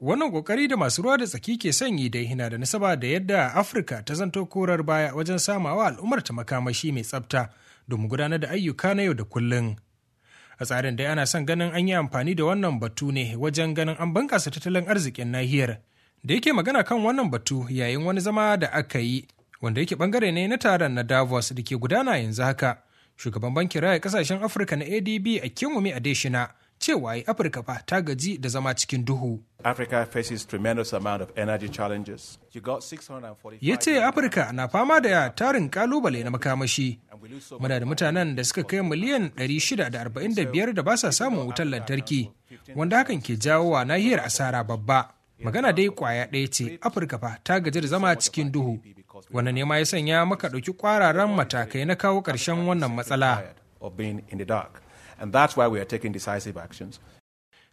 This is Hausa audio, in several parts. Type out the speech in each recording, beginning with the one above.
Wannan kokari da masu ruwa da tsaki ke sanyi dai hina da nasaba da yadda Afirka ta zanto korar baya wajen samawa al'ummar ta makamashi mai tsafta domin gudanar da ayyuka na yau da kullum. A tsarin dai ana son ganin an yi amfani da wannan batu ne wajen ganin an bunkasa tattalin arzikin nahiyar. Da yake magana kan wannan batu yayin wani zama da aka yi wanda yake bangare ne na taron na Davos da ke gudana yanzu haka. Shugaban bankin raya ƙasashen Afirka na ADB a a Adeshina cewa yi afirka fa ta gaji da zama cikin duhu Ya ce Afirka na fama da tarin kalubale na makamashi. Muna da mutanen da suka kai miliyan 645 da ba sa samun wutar lantarki, wanda hakan ke jawo wa nahiyar asara babba. Magana dai kwaya ɗaya ce, Afirka fa ta gaji da zama cikin duhu. Wannan nema ya sanya maka ɗauki kwararan matakai na kawo ƙarshen wannan matsala. and that's why we are taking decisive actions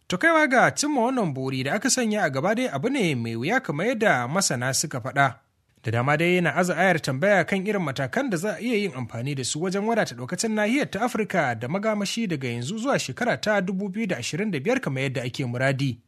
To kaiwa ga cimma wannan buri da aka sanya a gaba dai abu ne mai wuya kamar yadda masana suka faɗa. Da dama dai yana aza ayar tambaya kan irin matakan da za a iya yin amfani da su wajen wadata ɗaukacin nahiyar ta Afirka da magamashi daga yanzu zuwa shekara ta 2025 kamar yadda ake muradi.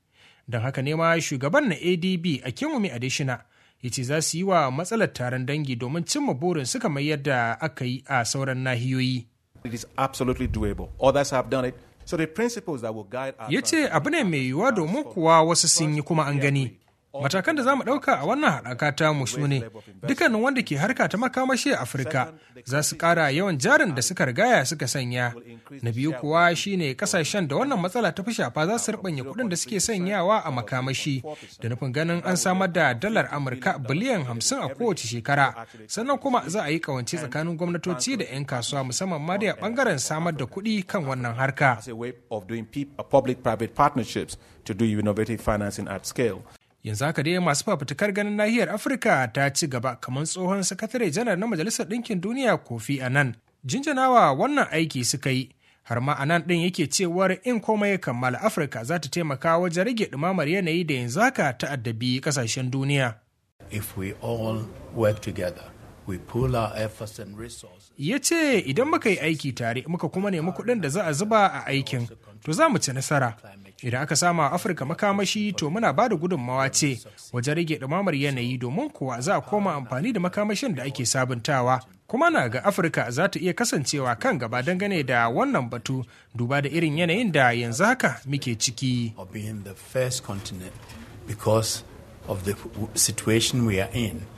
Don haka nema shugaban na ADB a Kinwumi adishina ya ce za su yi wa matsalar taron dangi domin cimma burin su kamar yadda aka yi a sauran nahiyoyi. it is absolutely doable. Others have done it. So the principles that will guide our yace abu ne mai yiwuwa domin kuwa wasu sun yi kuma an gani. Matakan da za mu ɗauka a wannan haɗaka mu su ne, dukkanin wanda ke harka ta makamashi a Afirka za su ƙara yawan jarin da suka rigaya suka sanya. Na biyu kuwa shine kasashen da wannan matsala ta fi shafa za su riɓanya kuɗin da suke sanyawa a makamashi, da nufin ganin an samar da dalar Amurka biliyan hamsin a kowace shekara. Sannan kuma za a yi kawance tsakanin gwamnatoci da 'yan kasuwa musamman ma da ɓangaren samar da kuɗi kan wannan harka. To do innovative financing at scale. yanzu haka dai masu fafutukar ganin nahiyar afirka ta ci gaba kamar tsohon sakatare janar na majalisar ɗinkin duniya kofi a nan, jinjanawa wannan aiki suka yi har ma a nan ɗin yake cewar in komai kammala afirka za ta taimaka wajen rage ɗumamar yanayi da yanzu haka ta'addabi ƙasashen duniya if we all work together Ya ce idan muka yi aiki tare muka kuma nemi kuɗin da za a zuba a aikin to za mu ci nasara. Idan aka sama Afirka makamashi to muna ba da gudunmawa ce wajen rage ɗumamar yanayi domin kuwa za a koma amfani da makamashin da ake sabuntawa. Kuma na ga Afirka za ta iya kasancewa kan gaba dangane da wannan batu duba da irin yanayin da yanzu haka muke ciki. of the situation we in.